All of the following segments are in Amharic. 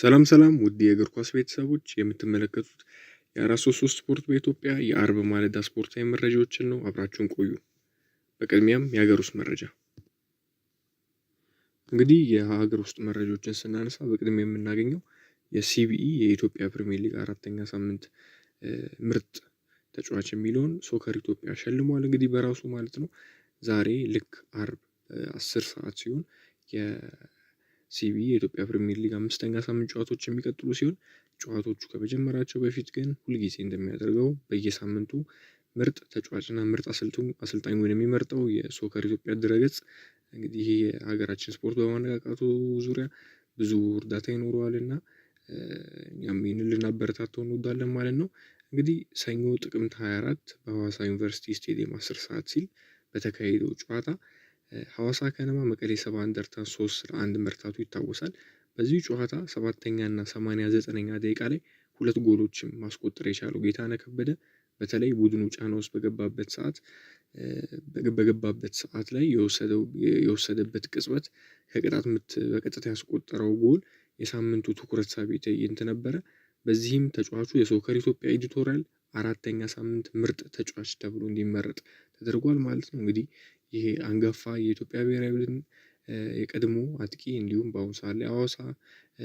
ሰላም ሰላም ውድ የእግር ኳስ ቤተሰቦች የምትመለከቱት የአራት ሶስት ሶስት ስፖርት በኢትዮጵያ የአርብ ማለዳ ስፖርታዊ መረጃዎችን ነው። አብራችሁን ቆዩ። በቅድሚያም የሀገር ውስጥ መረጃ እንግዲህ የሀገር ውስጥ መረጃዎችን ስናነሳ በቅድሚያ የምናገኘው የሲቢኢ የኢትዮጵያ ፕሪሚየር ሊግ አራተኛ ሳምንት ምርጥ ተጫዋች የሚለውን ሶከር ኢትዮጵያ ሸልሟል። እንግዲህ በራሱ ማለት ነው። ዛሬ ልክ አርብ አስር ሰዓት ሲሆን ሲቢ የኢትዮጵያ ፕሪሚየር ሊግ አምስተኛ ሳምንት ጨዋታዎች የሚቀጥሉ ሲሆን ጨዋታዎቹ ከመጀመራቸው በፊት ግን ሁልጊዜ እንደሚያደርገው በየሳምንቱ ምርጥ ተጫዋችና ምርጥ አሰልጣኙን የሚመርጠው የሶከር ኢትዮጵያ ድረገጽ እንግዲህ የሀገራችን ስፖርት በማነቃቃቱ ዙሪያ ብዙ እርዳታ ይኖረዋል እና እኛም ይህን ልናበረታተው እንወዳለን ማለት ነው። እንግዲህ ሰኞ ጥቅምት 24 በሐዋሳ ዩኒቨርሲቲ ስቴዲየም 10 ሰዓት ሲል በተካሄደው ጨዋታ ሀዋሳ ከነማ መቀሌ ሰባ እንደርታን ሶስት ለአንድ መርታቱ ይታወሳል። በዚህ ጨዋታ ሰባተኛ እና ሰማንያ ዘጠነኛ ደቂቃ ላይ ሁለት ጎሎችን ማስቆጠር የቻለው ጌታነህ ከበደ በተለይ ቡድኑ ጫና ውስጥ በገባበት ሰዓት በገባበት ሰዓት ላይ የወሰደበት ቅጽበት ከቅጣት ምት በቀጥታ ያስቆጠረው ጎል የሳምንቱ ትኩረት ሳቢ ትዕይንት ነበረ። በዚህም ተጫዋቹ የሶከር ኢትዮጵያ ኤዲቶሪያል አራተኛ ሳምንት ምርጥ ተጫዋች ተብሎ እንዲመረጥ ተደርጓል ማለት ነው እንግዲህ ይሄ አንጋፋ የኢትዮጵያ ብሔራዊ ቡድን የቀድሞ አጥቂ እንዲሁም በአሁኑ ሰዓት ላይ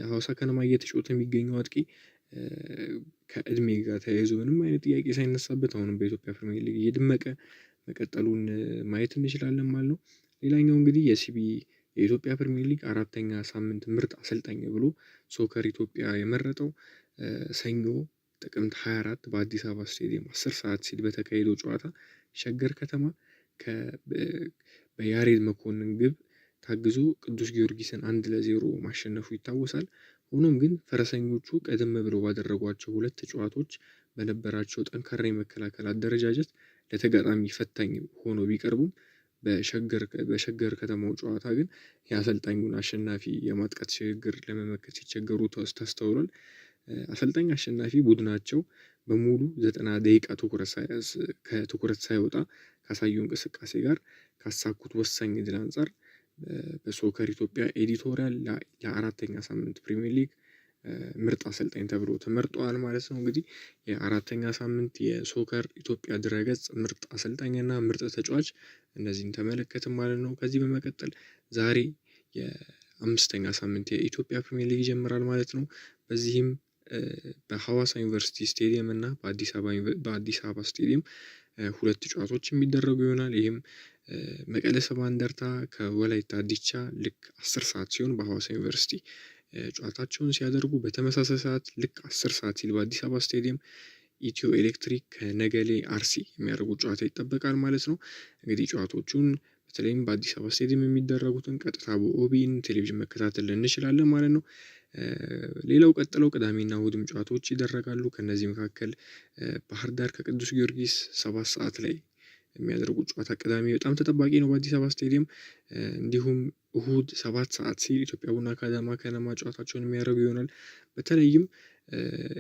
ሀዋሳ ከነማ እየተጫወተ የሚገኘው አጥቂ ከእድሜ ጋር ተያይዞ ምንም አይነት ጥያቄ ሳይነሳበት አሁንም በኢትዮጵያ ፕሪሚየር ሊግ እየደመቀ መቀጠሉን ማየት እንችላለን ማለት ነው። ሌላኛው እንግዲህ የሲቢ የኢትዮጵያ ፕሪሚየር ሊግ አራተኛ ሳምንት ምርጥ አሰልጣኝ ብሎ ሶከር ኢትዮጵያ የመረጠው ሰኞ ጥቅምት 24 በአዲስ አበባ ስቴዲየም አስር ሰዓት ሲል በተካሄደው ጨዋታ ሸገር ከተማ በያሬድ መኮንን ግብ ታግዞ ቅዱስ ጊዮርጊስን አንድ ለዜሮ ማሸነፉ ይታወሳል። ሆኖም ግን ፈረሰኞቹ ቀደም ብለው ባደረጓቸው ሁለት ጨዋታዎች በነበራቸው ጠንካራ የመከላከል አደረጃጀት ለተጋጣሚ ፈታኝ ሆኖ ቢቀርቡም በሸገር ከተማው ጨዋታ ግን የአሰልጣኙን አሸናፊ የማጥቃት ሽግግር ለመመከት ሲቸገሩ ተስተውሏል። አሰልጣኝ አሸናፊ ቡድናቸው በሙሉ ዘጠና ደቂቃ ከትኩረት ሳይወጣ ካሳዩ እንቅስቃሴ ጋር ካሳኩት ወሳኝ ድል አንፃር በሶከር ኢትዮጵያ ኤዲቶሪያል የአራተኛ ሳምንት ፕሪሚየር ሊግ ምርጥ አሰልጣኝ ተብሎ ተመርጧል ማለት ነው። እንግዲህ የአራተኛ ሳምንት የሶከር ኢትዮጵያ ድረገጽ ምርጥ አሰልጣኝ ምርጥ ተጫዋች እነዚህን ተመለከትም ማለት ነው። ከዚህ በመቀጠል ዛሬ የአምስተኛ ሳምንት የኢትዮጵያ ፕሪሚየር ሊግ ይጀምራል ማለት ነው። በዚህም በሐዋሳ ዩኒቨርሲቲ ስቴዲየም እና በአዲስ አበባ ስቴዲየም ሁለት ጨዋታዎች የሚደረጉ ይሆናል። ይህም መቀለ ሰባ እንደርታ ከወላይታ ዲቻ ልክ አስር ሰዓት ሲሆን በሐዋሳ ዩኒቨርሲቲ ጨዋታቸውን ሲያደርጉ በተመሳሳይ ሰዓት ልክ አስር ሰዓት ሲል በአዲስ አበባ ስቴዲየም ኢትዮ ኤሌክትሪክ ከነገሌ አርሲ የሚያደርጉት ጨዋታ ይጠበቃል ማለት ነው። እንግዲህ ጨዋታዎቹን በተለይም በአዲስ አበባ ስቴዲየም የሚደረጉትን ቀጥታ በኦቢን ቴሌቪዥን መከታተል እንችላለን ማለት ነው። ሌላው ቀጥለው ቅዳሜና እሁድም ጨዋታዎች ይደረጋሉ። ከእነዚህ መካከል ባህር ዳር ከቅዱስ ጊዮርጊስ ሰባት ሰዓት ላይ የሚያደርጉት ጨዋታ ቅዳሜ በጣም ተጠባቂ ነው በአዲስ አበባ ስቴዲየም። እንዲሁም እሁድ ሰባት ሰዓት ሲል ኢትዮጵያ ቡና ከአዳማ ከነማ ጨዋታቸውን የሚያደርጉ ይሆናል። በተለይም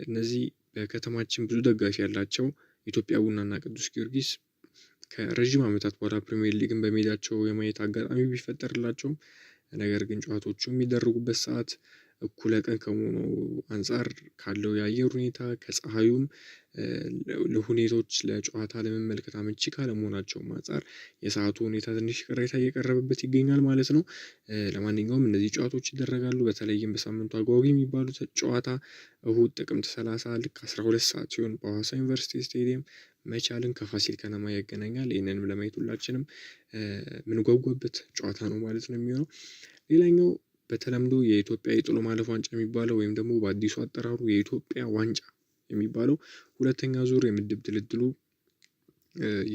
እነዚህ በከተማችን ብዙ ደጋፊ ያላቸው ኢትዮጵያ ቡናና ቅዱስ ጊዮርጊስ ከረዥም ዓመታት በኋላ ፕሪሚየር ሊግን በሜዳቸው የማየት አጋጣሚ ቢፈጠርላቸውም ነገር ግን ጨዋታዎቹ የሚደረጉበት ሰዓት እኩለ ቀን ከመሆኑ አንፃር ካለው የአየር ሁኔታ ከፀሐዩም ለሁኔታዎች ለጨዋታ ለመመልከት አመቺ ካለመሆናቸውም አንፃር የሰዓቱ ሁኔታ ትንሽ ቅሬታ እየቀረበበት ይገኛል ማለት ነው። ለማንኛውም እነዚህ ጨዋታዎች ይደረጋሉ በተለይም በሳምንቱ አጓጊ የሚባሉት ጨዋታ እሁድ ጥቅምት ሰላሳ ልክ 12 ሰዓት ሲሆን በአዋሳ ዩኒቨርሲቲ ስቴዲየም መቻልን ከፋሲል ከነማ ያገናኛል ይህንንም ለማየት ሁላችንም የምንጓጓበት ጨዋታ ነው ማለት ነው የሚሆነው። ሌላኛው በተለምዶ የኢትዮጵያ የጥሎ ማለፍ ዋንጫ የሚባለው ወይም ደግሞ በአዲሱ አጠራሩ የኢትዮጵያ ዋንጫ የሚባለው ሁለተኛ ዙር የምድብ ድልድሉ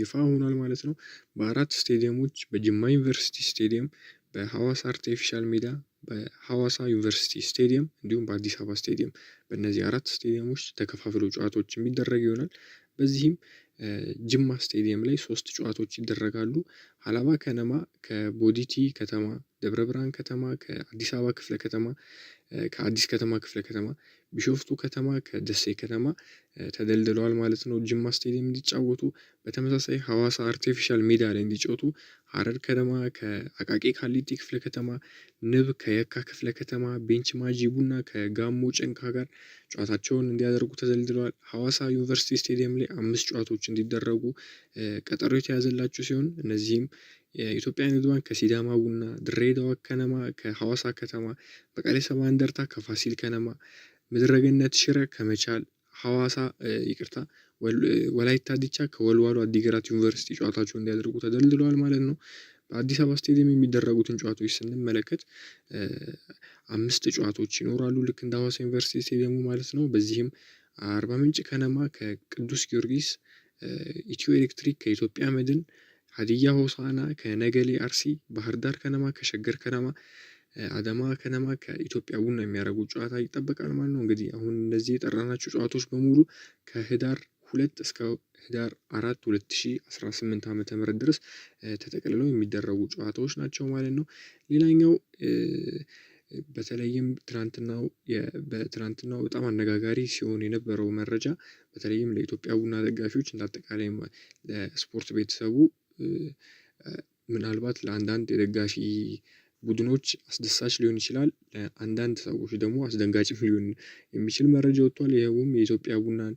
ይፋ ሆኗል ማለት ነው። በአራት ስቴዲየሞች በጅማ ዩኒቨርሲቲ ስቴዲየም፣ በሐዋሳ አርቲፊሻል ሜዳ፣ በሐዋሳ ዩኒቨርሲቲ ስቴዲየም እንዲሁም በአዲስ አበባ ስቴዲየም በእነዚህ አራት ስቴዲየሞች ተከፋፍሎ ጨዋታዎች የሚደረግ ይሆናል። በዚህም ጅማ ስቴዲየም ላይ ሶስት ጨዋታዎች ይደረጋሉ። ሀላባ ከነማ ከቦዲቲ ከተማ ደብረ ብርሃን ከተማ ከአዲስ አበባ ክፍለ ከተማ ከአዲስ ከተማ ክፍለ ከተማ ቢሾፍቱ ከተማ ከደሴ ከተማ ተደልድለዋል ማለት ነው። ጅማ ስቴዲየም እንዲጫወቱ በተመሳሳይ ሐዋሳ አርቲፊሻል ሜዳ ላይ እንዲጫወቱ ሐረር ከተማ ከአቃቂ ካሊቲ ክፍለ ከተማ፣ ንብ ከየካ ክፍለ ከተማ፣ ቤንች ማጂ ቡና ከጋሞ ጨንካ ጋር ጨዋታቸውን እንዲያደርጉ ተደልድለዋል። ሐዋሳ ዩኒቨርሲቲ ስቴዲየም ላይ አምስት ጨዋታዎች እንዲደረጉ ቀጠሮ የተያዘላቸው ሲሆን እነዚህም የኢትዮጵያ ንግድ ባንክ ከሲዳማ ቡና፣ ድሬዳዋ ከነማ ከሐዋሳ ከተማ፣ መቀሌ ሰባ እንደርታ ከፋሲል ከነማ፣ ምድረገነት ሽረ ከመቻል፣ ሐዋሳ ይቅርታ ወላይታ ዲቻ ከወልዋሎ አዲግራት ዩኒቨርሲቲ ጨዋታቸው እንዲያደርጉ ተደልድለዋል ማለት ነው። በአዲስ አበባ ስቴዲየም የሚደረጉትን ጨዋታዎች ስንመለከት አምስት ጨዋታዎች ይኖራሉ ልክ እንደ ሐዋሳ ዩኒቨርሲቲ ስቴዲየሙ ማለት ነው። በዚህም አርባ ምንጭ ከነማ ከቅዱስ ጊዮርጊስ፣ ኢትዮ ኤሌክትሪክ ከኢትዮጵያ መድን ሀዲያ ሆሳና ከነገሌ አርሲ፣ ባህር ዳር ከነማ ከሸገር ከነማ፣ አዳማ ከነማ ከኢትዮጵያ ቡና የሚያደርጉ ጨዋታ ይጠበቃል ማለት ነው። እንግዲህ አሁን እነዚህ የጠራናቸው ጨዋታዎች በሙሉ ከህዳር ሁለት እስከ ህዳር አራት ሁለት ሺ አስራ ስምንት ዓመተ ምህረት ድረስ ተጠቅልለው የሚደረጉ ጨዋታዎች ናቸው ማለት ነው። ሌላኛው በተለይም ትናንትናው በትናንትናው በጣም አነጋጋሪ ሲሆን የነበረው መረጃ በተለይም ለኢትዮጵያ ቡና ደጋፊዎች እንዳጠቃላይ ለስፖርት ቤተሰቡ ምናልባት ለአንዳንድ የደጋፊ ቡድኖች አስደሳች ሊሆን ይችላል ለአንዳንድ ሰዎች ደግሞ አስደንጋጭም ሊሆን የሚችል መረጃ ወጥቷል። ይኸውም የኢትዮጵያ ቡናን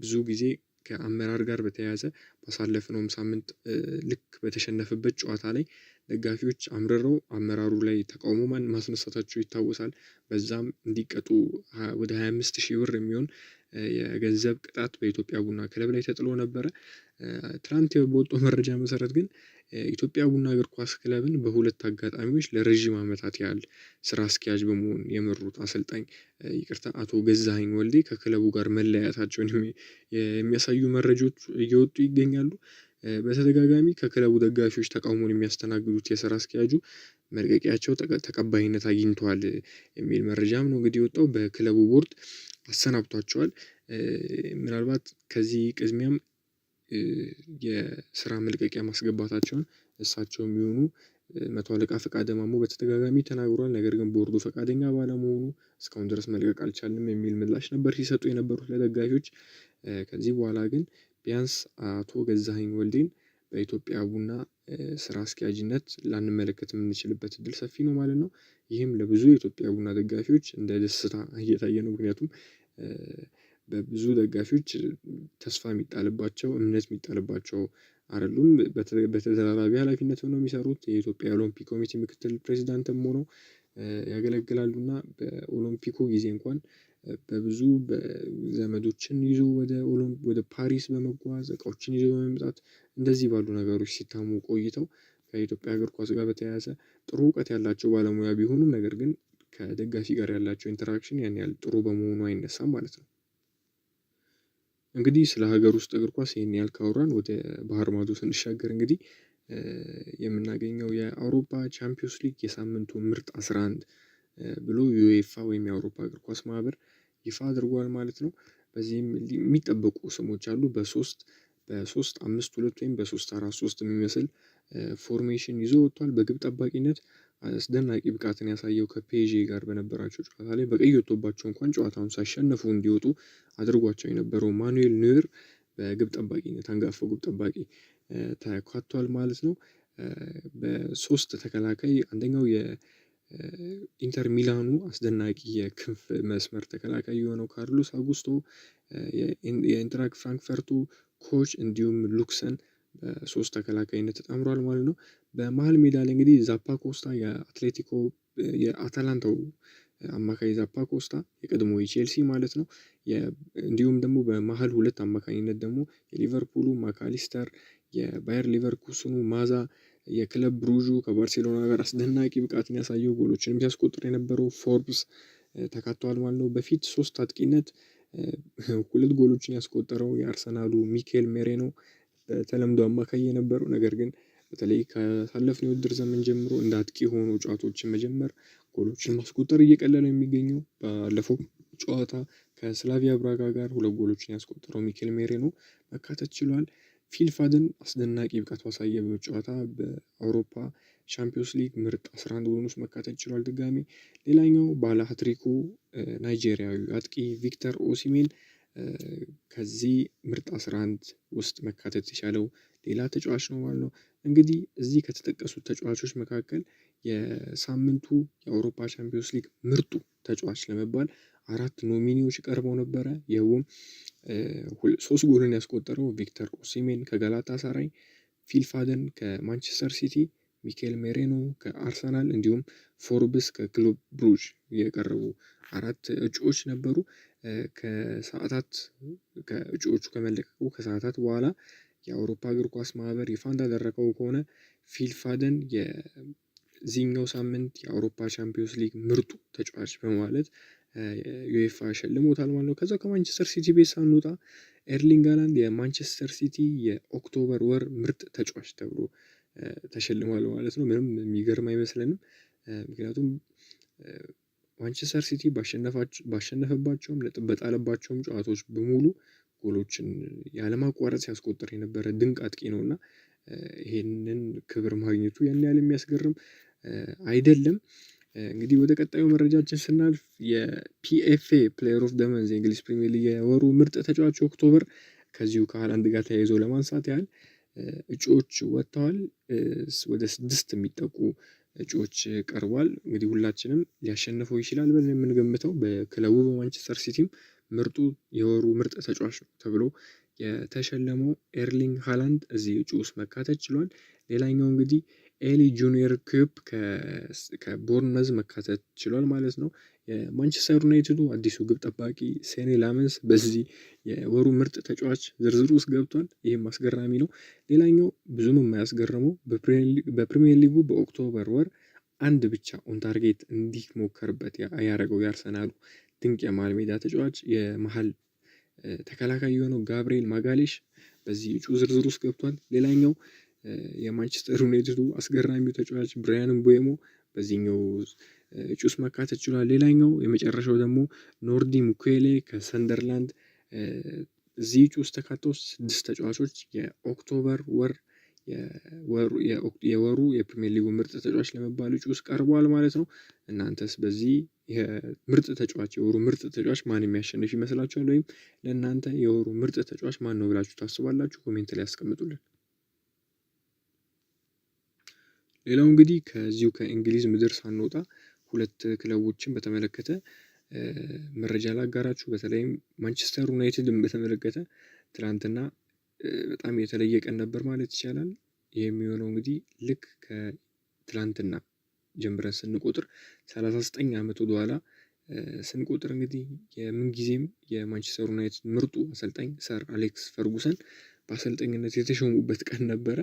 ብዙ ጊዜ ከአመራር ጋር በተያያዘ ባሳለፍነውም ሳምንት ልክ በተሸነፈበት ጨዋታ ላይ ደጋፊዎች አምርረው አመራሩ ላይ ተቃውሞ ማስነሳታቸው ይታወሳል። በዛም እንዲቀጡ ወደ 25 ሺህ ብር የሚሆን የገንዘብ ቅጣት በኢትዮጵያ ቡና ክለብ ላይ ተጥሎ ነበረ። ትናንት በወጣው መረጃ መሰረት ግን ኢትዮጵያ ቡና እግር ኳስ ክለብን በሁለት አጋጣሚዎች ለረዥም ዓመታት ያህል ስራ አስኪያጅ በመሆን የመሩት አሰልጣኝ ይቅርታ አቶ ገዛኸኝ ወልዴ ከክለቡ ጋር መለያየታቸውን የሚያሳዩ መረጃዎች እየወጡ ይገኛሉ። በተደጋጋሚ ከክለቡ ደጋፊዎች ተቃውሞን የሚያስተናግዱት የስራ አስኪያጁ መልቀቂያቸው ተቀባይነት አግኝተዋል የሚል መረጃም ነው እንግዲህ የወጣው በክለቡ ቦርድ አሰናብቷቸዋል። ምናልባት ከዚህ ቅድሚያም የስራ መልቀቂያ ማስገባታቸውን እሳቸው የሚሆኑ መቶ አለቃ ፈቃደ ማሞ በተደጋጋሚ ተናግሯል። ነገር ግን ቦርዱ ፈቃደኛ ባለመሆኑ እስካሁን ድረስ መልቀቅ አልቻለም የሚል ምላሽ ነበር ሲሰጡ የነበሩት ለደጋፊዎች። ከዚህ በኋላ ግን ቢያንስ አቶ ገዛኸኝ ወልዴን በኢትዮጵያ ቡና ስራ አስኪያጅነት ላንመለከት የምንችልበት እድል ሰፊ ነው ማለት ነው። ይህም ለብዙ የኢትዮጵያ ቡና ደጋፊዎች እንደ ደስታ እየታየ ነው። ምክንያቱም በብዙ ደጋፊዎች ተስፋ የሚጣልባቸው እምነት የሚጣልባቸው አይደሉም በተደራራቢ ኃላፊነት ሆነው የሚሰሩት የኢትዮጵያ ኦሎምፒክ ኮሚቴ ምክትል ፕሬዝዳንትም ሆነው እና በኦሎምፒኩ ጊዜ እንኳን በብዙ ዘመዶችን ይዞ ወደ ፓሪስ በመጓዝ እቃዎችን ይዞ በመምጣት እንደዚህ ባሉ ነገሮች ሲታሙ ቆይተው ከኢትዮጵያ እግር ኳስ ጋር በተያያዘ ጥሩ እውቀት ያላቸው ባለሙያ ቢሆኑም ነገር ግን ከደጋፊ ጋር ያላቸው ኢንተራክሽን ያን ያህል ጥሩ በመሆኑ አይነሳም ማለት ነው። እንግዲህ ስለ ሀገር ውስጥ እግር ኳስ ይህን ያህል ካወራን ወደ ባህር ማዶ ስንሻገር እንግዲህ የምናገኘው የአውሮፓ ቻምፒዮንስ ሊግ የሳምንቱ ምርጥ አስራ አንድ ብሎ ዩኤፋ ወይም የአውሮፓ እግር ኳስ ማህበር ይፋ አድርጓል ማለት ነው። በዚህም የሚጠበቁ ስሞች አሉ። በሶስት በሶስት አምስት ሁለት ወይም በሶስት አራት ሶስት የሚመስል ፎርሜሽን ይዞ ወጥቷል። በግብ ጠባቂነት አስደናቂ ብቃትን ያሳየው ከፔዤ ጋር በነበራቸው ጨዋታ ላይ በቀይ ወጥቶባቸው እንኳን ጨዋታውን ሳሸነፉ እንዲወጡ አድርጓቸው የነበረው ማኑኤል ኒዌር በግብ ጠባቂነት አንጋፋው ግብ ጠባቂ ተካቷል ማለት ነው። በሶስት ተከላካይ አንደኛው የ ኢንተር ሚላኑ አስደናቂ የክንፍ መስመር ተከላካይ የሆነው ካርሎስ አጉስቶ የኢንትራክ ፍራንክፈርቱ ኮች እንዲሁም ሉክሰን በሶስት ተከላካይነት ተጣምሯል ማለት ነው። በመሀል ሜዳ ላይ እንግዲህ ዛፓ ኮስታ የአትሌቲኮ የአታላንታው አማካይ ዛፓ ኮስታ የቀድሞ የቼልሲ ማለት ነው። እንዲሁም ደግሞ በመሀል ሁለት አማካኝነት ደግሞ የሊቨርፑሉ ማካሊስተር የባየር ሊቨርኩስኑ ማዛ የክለብ ብሩዡ ከባርሴሎና ጋር አስደናቂ ብቃትን ያሳየው ጎሎችንም ሲያስቆጥር የነበረው ፎርብስ ተካቷል ማለት ነው። በፊት ሶስት አጥቂነት ሁለት ጎሎችን ያስቆጠረው የአርሰናሉ ሚኬል ሜሬኖ በተለምዶ አማካይ የነበረው ነገር ግን በተለይ ካሳለፍነው የውድድር ዘመን ጀምሮ እንደ አጥቂ ሆኖ ጨዋታዎችን መጀመር ጎሎችን ማስቆጠር እየቀለለ የሚገኘው ባለፈው ጨዋታ ከስላቪያ ብራጋ ጋር ሁለት ጎሎችን ያስቆጠረው ሚኬል ሜሬኖ መካተት ችሏል። ፊልፋደን አስደናቂ ብቃት ባሳየ ጨዋታ በአውሮፓ ቻምፒዮንስ ሊግ ምርጥ 11 ቡድን ውስጥ መካተት ችሏል። ድጋሚ ሌላኛው ባለ ሀትሪኩ ናይጄሪያዊ አጥቂ ቪክተር ኦሲሜን ከዚህ ምርጥ 11 ውስጥ መካተት የቻለው ሌላ ተጫዋች ነው ማለት ነው። እንግዲህ እዚህ ከተጠቀሱት ተጫዋቾች መካከል የሳምንቱ የአውሮፓ ቻምፒዮንስ ሊግ ምርጡ ተጫዋች ለመባል አራት ኖሚኒዎች ቀርበው ነበረ። ይኸውም ሶስት ጎልን ያስቆጠረው ቪክተር ኦሲሜን ከጋላታ ሳራይ፣ ፊልፋደን ከማንቸስተር ሲቲ፣ ሚካኤል ሜሬኖ ከአርሰናል እንዲሁም ፎርብስ ከክሎብ ብሩጅ የቀረቡ አራት እጩዎች ነበሩ። ከሰዓታት ከእጩዎቹ ከመለቀቁ ከሰዓታት በኋላ የአውሮፓ እግር ኳስ ማህበር ይፋ እንዳደረገው ከሆነ ፊልፋደን የዚህኛው ሳምንት የአውሮፓ ቻምፒዮንስ ሊግ ምርጡ ተጫዋች በማለት ዩኤፋ ሸልሞታል ማለት ነው። ከዛ ከማንቸስተር ሲቲ ቤት ሳንወጣ ኤርሊንግ ሃላንድ የማንቸስተር ሲቲ የኦክቶበር ወር ምርጥ ተጫዋች ተብሎ ተሸልሟል ማለት ነው። ምንም የሚገርም አይመስለንም። ምክንያቱም ማንቸስተር ሲቲ ባሸነፈባቸውም ነጥብ በጣለባቸውም ጨዋታዎች በሙሉ ጎሎችን ያለማቋረጥ ሲያስቆጠር የነበረ ድንቅ አጥቂ ነው እና ይሄንን ክብር ማግኘቱ ያን ያህል የሚያስገርም አይደለም። እንግዲህ ወደ ቀጣዩ መረጃችን ስናልፍ የፒኤፍኤ ፕሌየር ኦፍ ደመንዝ የእንግሊዝ ፕሪሚየር ሊግ የወሩ ምርጥ ተጫዋች ኦክቶበር ከዚሁ ከሃላንድ ጋር ተያይዞ ለማንሳት ያህል እጩዎች ወጥተዋል። ወደ ስድስት የሚጠቁ እጩዎች ቀርቧል። እንግዲህ ሁላችንም ሊያሸንፈው ይችላል ብለን የምንገምተው በክለቡ በማንቸስተር ሲቲም ምርጡ የወሩ ምርጥ ተጫዋች ነው ተብሎ የተሸለመው ኤርሊንግ ሃላንድ እዚህ እጩ ውስጥ መካተት ችሏል። ሌላኛው እንግዲህ ኤሊ ጁኒየር ኩፕ ከቦርንመዝ መካተት ችሏል ማለት ነው። የማንቸስተር ዩናይትዱ አዲሱ ግብ ጠባቂ ሴኔ ላመንስ በዚህ የወሩ ምርጥ ተጫዋች ዝርዝር ውስጥ ገብቷል። ይህም አስገራሚ ነው። ሌላኛው ብዙም የማያስገርመው በፕሪሚየር ሊጉ በኦክቶበር ወር አንድ ብቻ ኦንታርጌት እንዲሞከርበት ያደረገው የአርሰናሉ ድንቅ የመሃል ሜዳ ተጫዋች የመሃል ተከላካይ የሆነው ጋብርኤል ማጋሌሽ በዚህ እጩ ዝርዝር ውስጥ ገብቷል። ሌላኛው የማንቸስተር ዩናይትዱ አስገራሚው ተጫዋች ብራያን ምቡሞ በዚህኛው እጩ ውስጥ መካተት ችሏል። ሌላኛው የመጨረሻው ደግሞ ኖርዲ ኮሌ ከሰንደርላንድ እዚህ እጩ ውስጥ ተካተው ስድስት ተጫዋቾች የኦክቶበር ወር የወሩ የፕሪሚየር ሊጉ ምርጥ ተጫዋች ለመባል እጩ ውስጥ ቀርቧል ማለት ነው። እናንተስ በዚህ ምርጥ ተጫዋች የወሩ ምርጥ ተጫዋች ማን የሚያሸንፍ ይመስላችኋል? ወይም ለእናንተ የወሩ ምርጥ ተጫዋች ማን ነው ብላችሁ ታስባላችሁ? ኮሜንት ላይ ያስቀምጡልን። ሌላው እንግዲህ ከዚሁ ከእንግሊዝ ምድር ሳንወጣ ሁለት ክለቦችን በተመለከተ መረጃ ላጋራችሁ። በተለይም ማንቸስተር ዩናይትድን በተመለከተ ትናንትና በጣም የተለየ ቀን ነበር ማለት ይቻላል። ይህ የሚሆነው እንግዲህ ልክ ከትላንትና ጀምረን ስንቆጥር 39 ዓመት ወደ ኋላ ስንቆጥር እንግዲህ የምንጊዜም የማንቸስተር ዩናይትድ ምርጡ አሰልጣኝ ሰር አሌክስ ፈርጉሰን በአሰልጠኝነት የተሾሙበት ቀን ነበረ።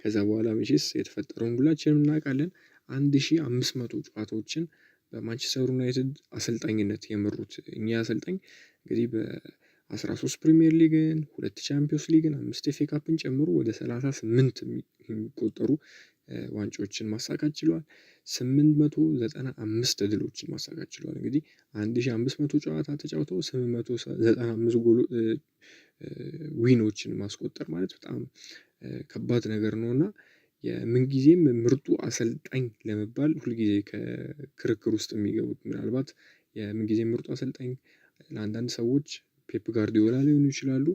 ከዛ በኋላ መቼስ የተፈጠረውን ጉላችን እናውቃለን። አንድ ሺህ አምስት መቶ ጨዋታዎችን በማንቸስተር ዩናይትድ አሰልጣኝነት የመሩት እኛ አሰልጣኝ እንግዲህ በ13 ፕሪሚየር ሊግን፣ ሁለት ቻምፒዮንስ ሊግን፣ አምስት ኤፍ ጨምሮ ወደ 38 የሚቆጠሩ ዋንጫዎችን ማሳካት ችሏል። 895 ድሎችን ማሳካት ችሏል። እንግዲህ 1500 ጨዋታ ተጫውተው 895 ዊኖችን ማስቆጠር ማለት በጣም ከባድ ነገር ነው እና የምንጊዜም ምርጡ አሰልጣኝ ለመባል ሁልጊዜ ከክርክር ውስጥ የሚገቡት ምናልባት የምንጊዜም ምርጡ አሰልጣኝ ለአንዳንድ ሰዎች ፔፕ ጋርዲዮላ ሊሆኑ ይችላሉ።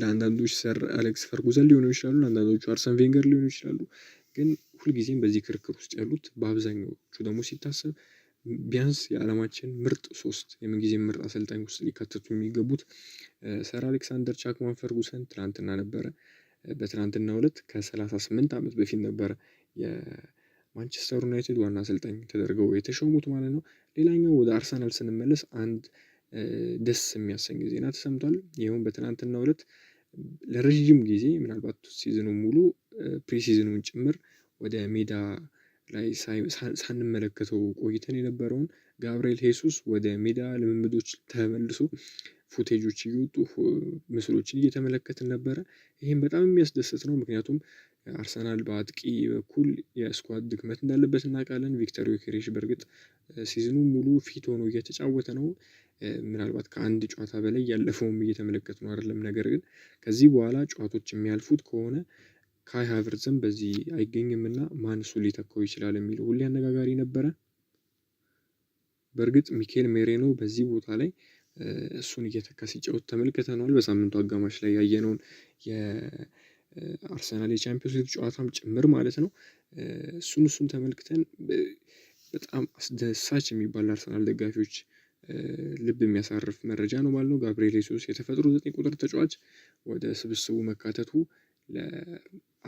ለአንዳንዶች ሰር አሌክስ ፈርጉዘን ሊሆኑ ይችላሉ። ለአንዳንዶቹ አርሰን ቬንገር ሊሆኑ ይችላሉ። ግን ሁልጊዜም በዚህ ክርክር ውስጥ ያሉት በአብዛኛዎቹ ደግሞ ሲታሰብ ቢያንስ የዓለማችን ምርጥ ሶስት የምንጊዜ ምርጥ አሰልጣኝ ውስጥ ሊካተቱ የሚገቡት ሰር አሌክሳንደር ቻክማን ፈርጉሰን ትናንትና ነበረ። በትናንትና ሁለት ከ38 ዓመት በፊት ነበረ የማንቸስተር ዩናይትድ ዋና አሰልጣኝ ተደርገው የተሾሙት ማለት ነው። ሌላኛው ወደ አርሰናል ስንመለስ አንድ ደስ የሚያሰኝ ዜና ተሰምቷል። ይኸውም በትናንትና ሁለት ለረዥም ጊዜ ምናልባት ሲዝኑ ሙሉ ፕሪሲዝኑን ጭምር ወደ ሜዳ ላይ ሳንመለከተው ቆይተን የነበረውን ጋብርኤል ሄሱስ ወደ ሜዳ ልምምዶች ተመልሶ ፉቴጆች እየወጡ ምስሎችን እየተመለከትን ነበረ። ይህም በጣም የሚያስደስት ነው። ምክንያቱም አርሰናል በአጥቂ በኩል የስኳድ ድክመት እንዳለበት እናውቃለን። ቪክተር ዮኬሬሽ በእርግጥ ሲዝኑ ሙሉ ፊት ሆኖ እየተጫወተ ነው። ምናልባት ከአንድ ጨዋታ በላይ ያለፈውም እየተመለከት ነው አይደለም። ነገር ግን ከዚህ በኋላ ጨዋቶች የሚያልፉት ከሆነ ካይ ሃቨርትዝም በዚህ አይገኝም ማን እሱ ሊተካው ይችላል የሚለው ሁሌ አነጋጋሪ ነበረ። በእርግጥ ሚኬል ሜሬኖ በዚህ ቦታ ላይ እሱን እየተካ ሲጫወት ተመልክተነዋል። በሳምንቱ አጋማሽ ላይ ያየነውን የአርሰናል የቻምፒዮንስ ሊግ ጨዋታም ጭምር ማለት ነው። እሱን እሱን ተመልክተን በጣም አስደሳች የሚባል አርሰናል ደጋፊዎች ልብ የሚያሳርፍ መረጃ ነው ማለት ነው። ጋብሪኤል ሱስ የተፈጥሮ ዘጠኝ ቁጥር ተጫዋች ወደ ስብስቡ መካተቱ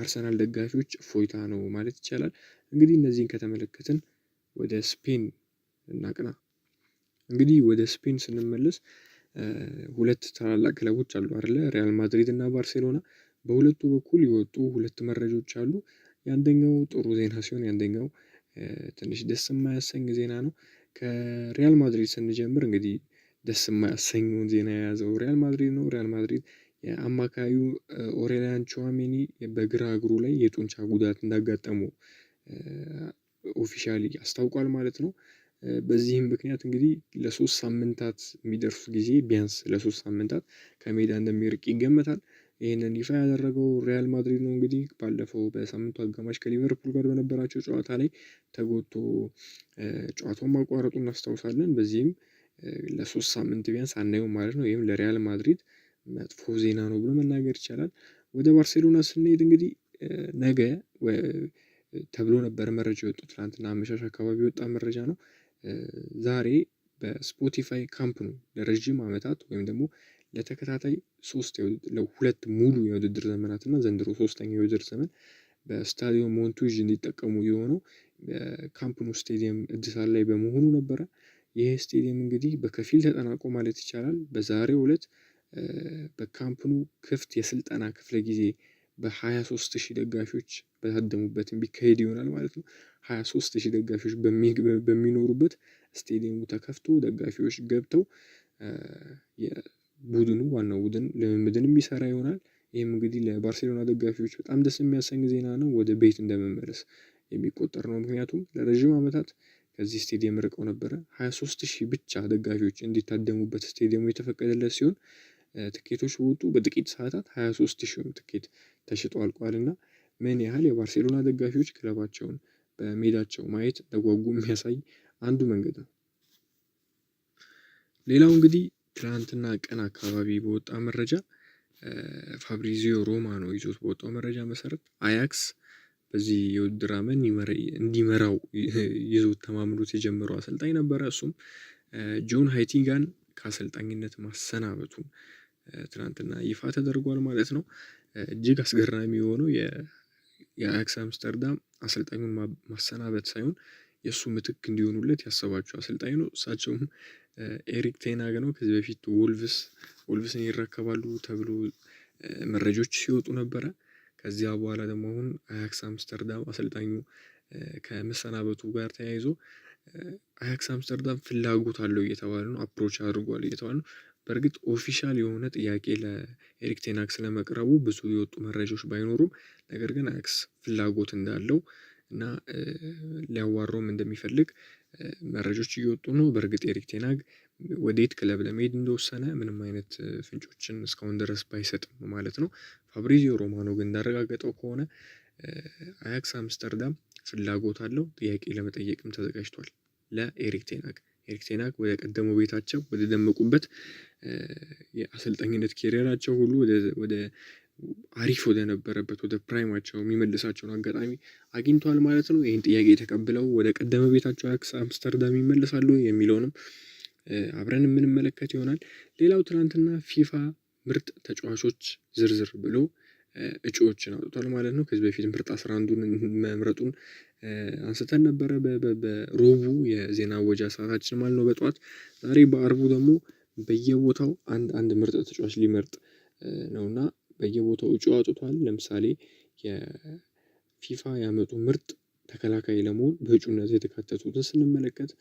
አርሰናል ደጋፊዎች እፎይታ ነው ማለት ይቻላል። እንግዲህ እነዚህን ከተመለከትን ወደ ስፔን እናቅና። እንግዲህ ወደ ስፔን ስንመለስ ሁለት ታላላቅ ክለቦች አሉ አለ ሪያል ማድሪድ እና ባርሴሎና። በሁለቱ በኩል የወጡ ሁለት መረጃዎች አሉ። የአንደኛው ጥሩ ዜና ሲሆን የአንደኛው ትንሽ ደስ የማያሰኝ ዜና ነው። ከሪያል ማድሪድ ስንጀምር እንግዲህ ደስ የማያሰኘውን ዜና የያዘው ሪያል ማድሪድ ነው። ሪያል ማድሪድ አማካዩ ኦሬሊያን ቹዋሜኒ በግራ እግሩ ላይ የጡንቻ ጉዳት እንዳጋጠመው ኦፊሻሊ አስታውቋል ማለት ነው። በዚህም ምክንያት እንግዲህ ለሶስት ሳምንታት የሚደርሱ ጊዜ ቢያንስ ለሶስት ሳምንታት ከሜዳ እንደሚርቅ ይገመታል። ይህንን ይፋ ያደረገው ሪያል ማድሪድ ነው። እንግዲህ ባለፈው በሳምንቱ አጋማሽ ከሊቨርፑል ጋር በነበራቸው ጨዋታ ላይ ተጎድቶ ጨዋታውን ማቋረጡ እናስታውሳለን። በዚህም ለሶስት ሳምንት ቢያንስ አናየውም ማለት ነው። ይህም ለሪያል ማድሪድ መጥፎ ዜና ነው ብሎ መናገር ይቻላል። ወደ ባርሴሎና ስንሄድ እንግዲህ ነገ ተብሎ ነበር መረጃ የወጡ ትናንትና አመሻሽ አካባቢ የወጣ መረጃ ነው። ዛሬ በስፖቲፋይ ካምፕ ኑ ለረዥም ዓመታት ወይም ደግሞ ለተከታታይ ሶስት ለሁለት ሙሉ የውድድር ዘመናት እና ዘንድሮ ሶስተኛ የውድድር ዘመን በስታዲየም ሞንቱዥ እንዲጠቀሙ የሆነው ካምፕ ስቴዲየም እድሳት ላይ በመሆኑ ነበረ። ይህ ስቴዲየም እንግዲህ በከፊል ተጠናቆ ማለት ይቻላል በዛሬው ዕለት በካምፕኑ ክፍት የስልጠና ክፍለ ጊዜ በ23 ሺህ ደጋፊዎች በታደሙበት ቢካሄድ ይሆናል ማለት ነው። 23 ሺህ ደጋፊዎች በሚኖሩበት ስቴዲየሙ ተከፍቶ ደጋፊዎች ገብተው ቡድኑ ዋናው ቡድን ልምምድን የሚሰራ ይሆናል። ይህም እንግዲህ ለባርሴሎና ደጋፊዎች በጣም ደስ የሚያሰኝ ዜና ነው። ወደ ቤት እንደመመለስ የሚቆጠር ነው። ምክንያቱም ለረዥም ዓመታት ከዚህ ስቴዲየም ርቀው ነበረ። 23 ሺህ ብቻ ደጋፊዎች እንዲታደሙበት ስቴዲየሙ የተፈቀደለት ሲሆን ትኬቶች ወጡ በጥቂት ሰዓታት 23 ሺህም ትኬት ተሽጦ አልቋል እና ምን ያህል የባርሴሎና ደጋፊዎች ክለባቸውን በሜዳቸው ማየት እንደጓጉ የሚያሳይ አንዱ መንገድ ነው። ሌላው እንግዲህ ትናንትና ቀን አካባቢ በወጣ መረጃ ፋብሪዚዮ ሮማኖ ይዞት በወጣው መረጃ መሰረት አያክስ በዚህ የውድድር ዓመት እንዲመራው ይዞት ተማምኖት የጀመረው አሰልጣኝ ነበረ። እሱም ጆን ሃይቲንጋን ከአሰልጣኝነት ማሰናበቱ ትናንትና ይፋ ተደርጓል ማለት ነው። እጅግ አስገራሚ የሆነው የአያክስ አምስተርዳም አሰልጣኙን ማሰናበት ሳይሆን የእሱ ምትክ እንዲሆኑለት ያሰባቸው አሰልጣኝ ነው። እሳቸውም ኤሪክ ቴናግ ነው። ከዚህ በፊት ወልቭስ ወልቭስን ይረከባሉ ተብሎ መረጃዎች ሲወጡ ነበረ። ከዚያ በኋላ ደግሞ አሁን አያክስ አምስተርዳም አሰልጣኙ ከመሰናበቱ ጋር ተያይዞ አያክስ አምስተርዳም ፍላጎት አለው እየተባለ ነው፣ አፕሮች አድርጓል እየተባለ ነው። በእርግጥ ኦፊሻል የሆነ ጥያቄ ለኤሪክ ቴን ስለመቅረቡ ብዙ የወጡ መረጃዎች ባይኖሩም ነገር ግን አያክስ ፍላጎት እንዳለው እና ሊያዋራውም እንደሚፈልግ መረጃዎች እየወጡ ነው። በእርግጥ ኤሪክ ቴናግ ሃግ ወዴት ክለብ ለመሄድ እንደወሰነ ምንም አይነት ፍንጮችን እስካሁን ድረስ ባይሰጥም ማለት ነው። ፋብሪዚዮ ሮማኖ ግን እንዳረጋገጠው ከሆነ አያክስ አምስተርዳም ፍላጎት አለው። ጥያቄ ለመጠየቅም ተዘጋጅቷል ለኤሪክ ቴናግ። ኤሪክ ቴናግ ወደ ቀደመው ቤታቸው ወደ ደመቁበት የአሰልጣኝነት ኬሪራቸው ሁሉ ወደ አሪፍ ወደ ነበረበት ወደ ፕራይማቸው የሚመልሳቸውን አጋጣሚ አግኝቷል ማለት ነው። ይህን ጥያቄ ተቀብለው ወደ ቀደመ ቤታቸው አያክስ አምስተርዳም ይመለሳሉ የሚለውንም አብረን የምንመለከት ይሆናል። ሌላው ትናንትና ፊፋ ምርጥ ተጫዋቾች ዝርዝር ብሎ እጩዎችን አውጥቷል ማለት ነው። ከዚህ በፊት ምርጥ አስራ አንዱን መምረጡን አንስተን ነበረ በሮቡ የዜና ወጃ ሰዓታችን ማለት ነው በጠዋት ዛሬ በአርቡ ደግሞ በየቦታው አንድ አንድ ምርጥ ተጫዋች ሊመርጥ ነው እና በየቦታው እጩ አውጥቷል። ለምሳሌ የፊፋ ያመጡ ምርጥ ተከላካይ ለመሆን በእጩነት የተካተቱትን ስንመለከት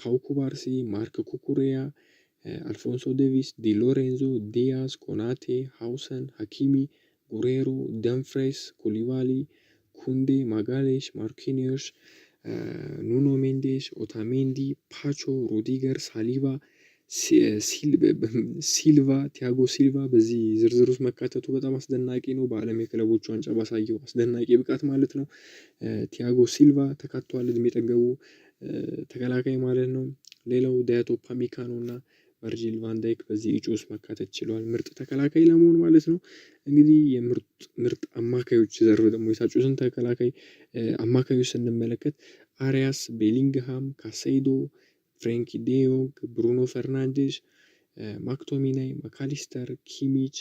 ፓው ኩባርሲ፣ ማርክ ኩኩሪያ አልፎንሶ ዴቪስ፣ ዲ ሎሬንዞ፣ ዲያስ፣ ኮናቴ፣ ሃውሰን፣ ሀኪሚ፣ ጉሬሮ፣ ደንፍሬስ ኩሊባሊ፣ ኩንዴ፣ ማጋሌሽ፣ ማርኪኒዮሽ፣ ኑኖ ሜንዴሽ፣ ኦታሜንዲ፣ ፓቾ፣ ሮዲገር፣ ሳሊባ፣ ሲልቫ፣ ቲያጎ ሲልቫ በዚህ ዝርዝር ውስጥ መካተቱ በጣም አስደናቂ ነው። በዓለም የክለቦች ዋንጫ ባሳየው አስደናቂ ብቃት ማለት ነው። ቲያጎ eh, ሲልቫ ተካቷል። እድሜ ጠገቡ eh, ተከላካይ ማለት ነው። ሌላው ዳያቶፓ ፓሚካኖ እና ቨርጂል ቫንዳይክ በዚህ እጩ ውስጥ መካተት ችሏል። ምርጥ ተከላካይ ለመሆን ማለት ነው። እንግዲህ የምርጥ ምርጥ አማካዮች ዘርፍ ደግሞ የታጩትን ተከላካይ አማካዮች ስንመለከት አሪያስ፣ ቤሊንግሃም፣ ካሴዶ፣ ፍሬንኪ ዴዮንግ፣ ብሩኖ ፈርናንዴዝ፣ ማክቶሚናይ፣ ማካሊስተር፣ ኪሚች፣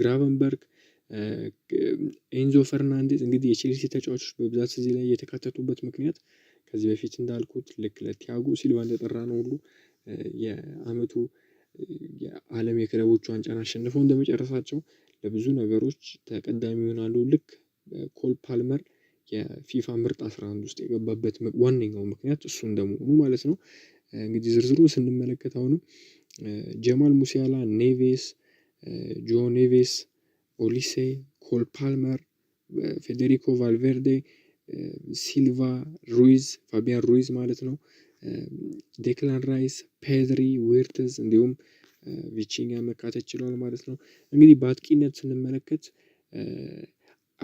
ግራቨንበርግ ኤንዞ ፈርናንዴዝ እንግዲህ የቼልሲ ተጫዋቾች በብዛት እዚህ ላይ የተካተቱበት ምክንያት ከዚህ በፊት እንዳልኩት ልክ ለቲያጎ ሲልቫ እንደጠራ ነው ሁሉ የአመቱ የአለም የክለቦች ዋንጫን አሸንፈው እንደመጨረሳቸው ለብዙ ነገሮች ተቀዳሚ ይሆናሉ። ልክ ኮል ፓልመር የፊፋ ምርጥ 11 ውስጥ የገባበት ዋነኛው ምክንያት እሱ እንደመሆኑ ማለት ነው። እንግዲህ ዝርዝሩ ስንመለከት አሁንም ጀማል ሙሲያላ፣ ኔቬስ፣ ጆ ኔቬስ፣ ኦሊሴ፣ ኮል ፓልመር፣ ፌዴሪኮ ቫልቬርዴ፣ ሲልቫ፣ ሩይዝ ፋቢያን ሩይዝ ማለት ነው ዴክላን ራይስ፣ ፔድሪ፣ ዊርትዝ እንዲሁም ቪቺኛ መካተት ችሏል ማለት ነው። እንግዲህ በአጥቂነት ስንመለከት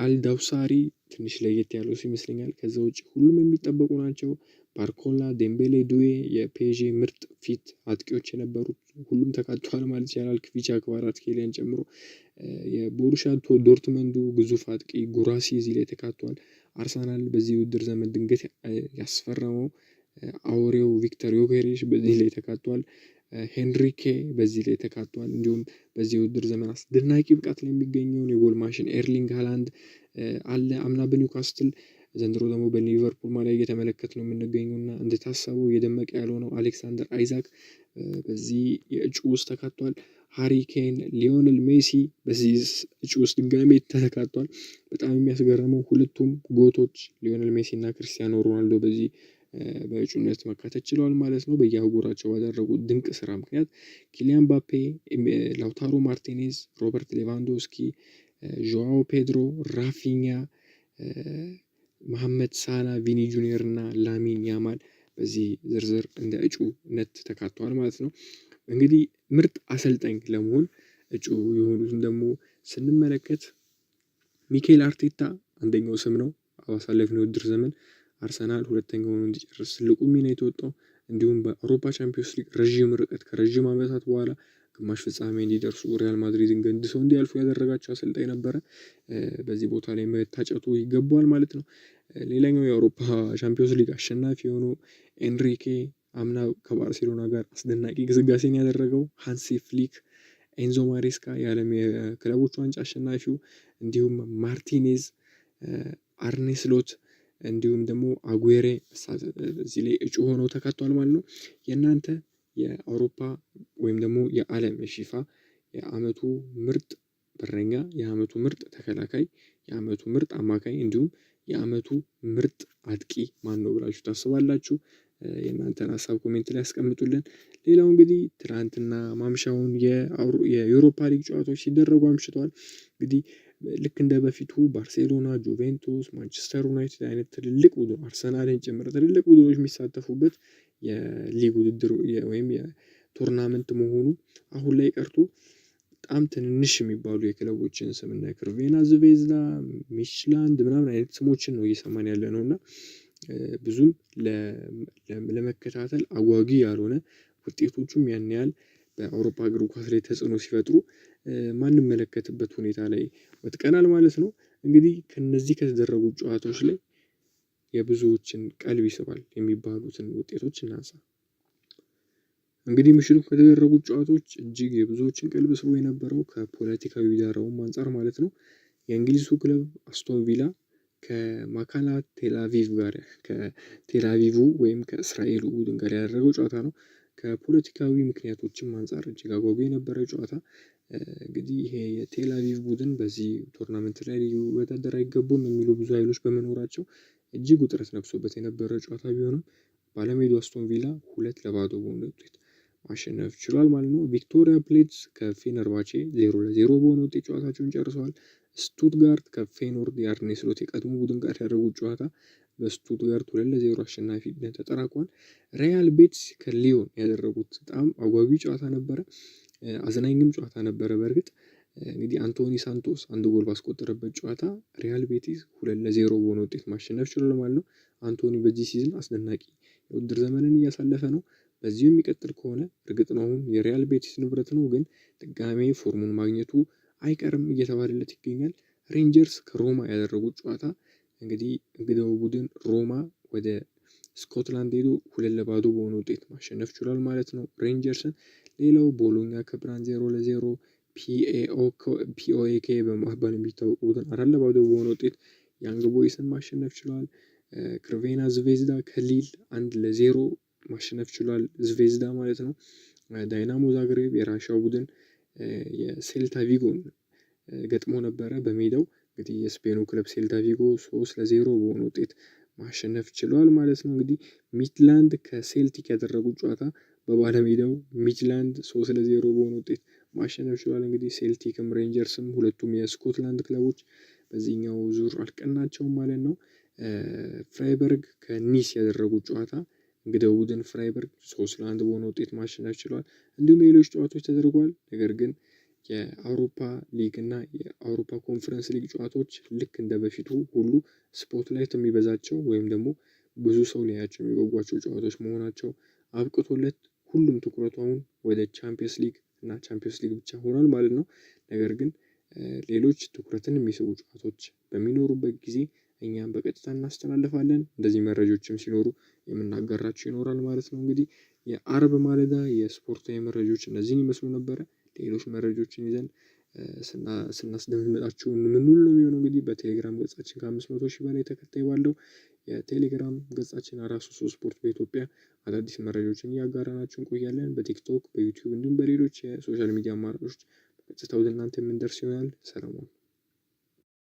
አልዳውሳሪ ትንሽ ለየት ያለው ይመስለኛል። ከዛ ውጭ ሁሉም የሚጠበቁ ናቸው። ባርኮላ፣ ዴምቤሌ፣ ዱዌ የፔዤ ምርጥ ፊት አጥቂዎች የነበሩት ሁሉም ተካተዋል ማለት ይቻላል። ክቪቻ አክባራት ኬሊያን ጨምሮ የቦሩሻ ዶርትመንዱ ግዙፍ አጥቂ ጉራሲ እዚህ ላይ ተካቷል። አርሰናል በዚህ ውድድር ዘመን ድንገት ያስፈረመው አውሬው ቪክተር ዮኬሬሽ በዚህ ላይ ተካቷል። ሄንሪኬ በዚህ ላይ ተካቷል። እንዲሁም በዚህ ውድድር ዘመን አስደናቂ ብቃት ላይ የሚገኘውን የጎል ማሽን ኤርሊንግ ሃላንድ አለ። አምና በኒውካስትል ዘንድሮ ደግሞ በሊቨርፑል ማሊያ እየተመለከት ነው የምንገኘው እና እንደታሰበው እየደመቀ ያልሆነው አሌክሳንደር አይዛክ በዚህ የእጩ ውስጥ ተካቷል። ሃሪኬን ሊዮነል ሜሲ በዚህ እጩ ውስጥ ድጋሜ ተካቷል። በጣም የሚያስገርመው ሁለቱም ጎቶች ሊዮነል ሜሲ እና ክርስቲያኖ ሮናልዶ በዚህ በእጩነት መካተት ችለዋል ማለት ነው። በየአህጉራቸው ባደረጉት ድንቅ ስራ ምክንያት ኪሊያን ባፔ፣ ላውታሮ ማርቲኔዝ፣ ሮበርት ሌቫንዶስኪ፣ ዦዋው ፔድሮ፣ ራፊኛ፣ መሐመድ ሳላ፣ ቪኒ ጁኒየር እና ላሚን ያማል በዚህ ዝርዝር እንደ እጩነት ተካተዋል ማለት ነው። እንግዲህ ምርጥ አሰልጣኝ ለመሆን እጩ የሆኑትን ደግሞ ስንመለከት ሚካኤል አርቴታ አንደኛው ስም ነው። ባሳለፍነው የውድድር ዘመን አርሰናል ሁለተኛ ሆኖ እንዲጨርስ ትልቁ ሚና የተወጣው እንዲሁም በአውሮፓ ቻምፒዮንስ ሊግ ረዥም ርቀት ከረዥም ዓመታት በኋላ ግማሽ ፍጻሜ እንዲደርሱ ሪያል ማድሪድን ገንድሰው እንዲያልፉ ያደረጋቸው አሰልጣኝ ነበረ። በዚህ ቦታ ላይ መታጨቱ ይገባዋል ማለት ነው። ሌላኛው የአውሮፓ ቻምፒዮንስ ሊግ አሸናፊ የሆነው ኤንሪኬ አምና ከባርሴሎና ጋር አስደናቂ ግስጋሴን ያደረገው ሃንሲ ፍሊክ፣ ኤንዞ ማሬስካ የዓለም የክለቦች ዋንጫ አሸናፊው እንዲሁም ማርቲኔዝ፣ አርኔ ስሎት እንዲሁም ደግሞ አጉሬ እዚህ ላይ እጩ ሆነው ተካቷል ማለት ነው። የእናንተ የአውሮፓ ወይም ደግሞ የአለም የሺፋ የአመቱ ምርጥ በረኛ የአመቱ ምርጥ ተከላካይ የአመቱ ምርጥ አማካኝ እንዲሁም የአመቱ ምርጥ አጥቂ ነው ብላችሁ ታስባላችሁ? የእናንተን ሀሳብ ኮሜንት ላይ አስቀምጡልን። ሌላው እንግዲህ ትናንትና ማምሻውን የዩሮፓ ሊግ ጨዋታዎች ሲደረጉ አምሽተዋል። እንግዲህ ልክ እንደ በፊቱ ባርሴሎና፣ ጁቬንቱስ፣ ማንቸስተር ዩናይትድ አይነት ትልልቅ ቡድን አርሰናልን ጭምር ትልልቅ ቡድኖች የሚሳተፉበት የሊግ ውድድር ወይም የቱርናመንት መሆኑ አሁን ላይ ቀርቶ በጣም ትንንሽ የሚባሉ የክለቦችን ስም እና ክርቬና ዝቬዝላ፣ ሚችላንድ ምናምን አይነት ስሞችን ነው እየሰማን ያለ ነው እና ብዙም ለመከታተል አጓጊ ያልሆነ ውጤቶቹም ያን ያህል በአውሮፓ እግር ኳስ ላይ ተጽዕኖ ሲፈጥሩ ማንመለከትበት ሁኔታ ላይ ወጥቀናል ማለት ነው። እንግዲህ ከነዚህ ከተደረጉ ጨዋታዎች ላይ የብዙዎችን ቀልብ ይስባል የሚባሉትን ውጤቶች እናንሳ። እንግዲህ ምሽቱ ከተደረጉ ጨዋታዎች እጅግ የብዙዎችን ቀልብ ስቦ የነበረው ከፖለቲካዊ ዳራውም አንጻር ማለት ነው የእንግሊዙ ክለብ አስቶን ቪላ ከማካላ ቴላቪቭ ጋር ከቴላቪቭ ወይም ከእስራኤሉ ቡድን ጋር ያደረገው ጨዋታ ነው። ከፖለቲካዊ ምክንያቶችም አንፃር እጅግ አጓጉ የነበረ ጨዋታ እንግዲህ ይሄ የቴላቪቭ ቡድን በዚህ ቶርናመንት ላይ ሊወዳደር አይገቡም የሚሉ ብዙ ኃይሎች በመኖራቸው እጅግ ውጥረት ነግሶበት የነበረ ጨዋታ ቢሆንም ባለሜዱ አስቶን ቪላ ሁለት ለባዶ በሆነ ውጤት ማሸነፍ ችሏል ማለት ነው። ቪክቶሪያ ፕሌትስ ከፌነርባቼ ዜሮ ለዜሮ በሆነ ውጤት ጨዋታቸውን ጨርሰዋል። ስቱትጋርት ከፌኖርድ የአርኔ ስሎት የቀድሞ ቡድን ጋር ያደረጉት ጨዋታ በስቱትጋርት ሁለት ለዜሮ አሸናፊነት ተጠናቋል። ሪያል ቤትስ ከሊዮን ያደረጉት በጣም አጓጊ ጨዋታ ነበረ። አዝናኝም ጨዋታ ነበረ። በእርግጥ እንግዲህ አንቶኒ ሳንቶስ አንድ ጎል ባስቆጠረበት ጨዋታ ሪያል ቤቲስ ሁለት ለዜሮ በሆነ ውጤት ማሸነፍ ችሏል ማለት ነው። አንቶኒ በዚህ ሲዝን አስደናቂ የውድድር ዘመንን እያሳለፈ ነው። በዚሁ የሚቀጥል ከሆነ እርግጥ ነው አሁን የሪያል ቤቲስ ንብረት ነው፣ ግን ድጋሜ ፎርሙን ማግኘቱ አይቀርም እየተባለለት ይገኛል። ሬንጀርስ ከሮማ ያደረጉት ጨዋታ እንግዲህ እንግዳው ቡድን ሮማ ወደ ስኮትላንድ ሄዶ ሁለት ለባዶ በሆነ ውጤት ማሸነፍ ችሏል ማለት ነው ሬንጀርስን። ሌላው ቦሎኛ ከብራን ዜሮ ለዜሮ ፒኦኤኬ በማህበር የሚታወቁትን አራት ለባዶ በሆነ ውጤት ያንግ ቦይስን ማሸነፍ ችሏል። ክርቬና ዝቬዝዳ ከሊል አንድ ለዜሮ ማሸነፍ ችሏል ዝቬዝዳ ማለት ነው። ዳይናሞ ዛግሬብ የራሻው ቡድን የሴልታ ቪጎን ገጥሞ ነበረ በሜዳው እንግዲህ የስፔኑ ክለብ ሴልታ ቪጎ ሶስት ለዜሮ በሆነ ውጤት ማሸነፍ ችሏል ማለት ነው። እንግዲህ ሚትላንድ ከሴልቲክ ያደረጉት ጨዋታ በባለሜዳው ሚትላንድ ሶስት ለዜሮ በሆነ ውጤት ማሸነፍ ችሏል። እንግዲህ ሴልቲክም ሬንጀርስም ሁለቱም የስኮትላንድ ክለቦች በዚህኛው ዙር አልቀናቸውም ማለት ነው። ፍራይበርግ ከኒስ ያደረጉት ጨዋታ እንግዲህ ቡድን ፍራይበርግ ሶስት ለአንድ በሆነ ውጤት ማሸነፍ ችሏል። እንዲሁም ሌሎች ጨዋታዎች ተደርጓል ነገር ግን የአውሮፓ ሊግ እና የአውሮፓ ኮንፈረንስ ሊግ ጨዋታዎች ልክ እንደ በፊቱ ሁሉ ስፖርት ላይት የሚበዛቸው ወይም ደግሞ ብዙ ሰው ሊያያቸው የሚጓጓቸው ጨዋታዎች መሆናቸው አብቅቶለት ሁሉም ትኩረቱ አሁን ወደ ቻምፒየንስ ሊግ እና ቻምፒየንስ ሊግ ብቻ ሆኗል ማለት ነው። ነገር ግን ሌሎች ትኩረትን የሚስቡ ጨዋታዎች በሚኖሩበት ጊዜ እኛም በቀጥታ እናስተላልፋለን። እንደዚህ መረጃዎችም ሲኖሩ የምናጋራቸው ይኖራል ማለት ነው። እንግዲህ የአርብ ማለዳ የስፖርታዊ መረጃዎች እነዚህን ይመስሉ ነበረ። ሌሎች መረጃዎችን ይዘን ስናስደምጣችሁ ምን ነው የሚሆነው እንግዲህ በቴሌግራም ገጻችን ከአምስት መቶ ሺህ በላይ ተከታይ ባለው የቴሌግራም ገጻችን አራሱ ስፖርት በኢትዮጵያ አዳዲስ መረጃዎችን እያጋራናችሁ እንቆያለን። በቲክቶክ በዩቲዩብ እንዲሁም በሌሎች የሶሻል ሚዲያ አማራጮች በቀጥታ ወደ እናንተ የምንደርስ ይሆናል። ሰላም ሁኑ።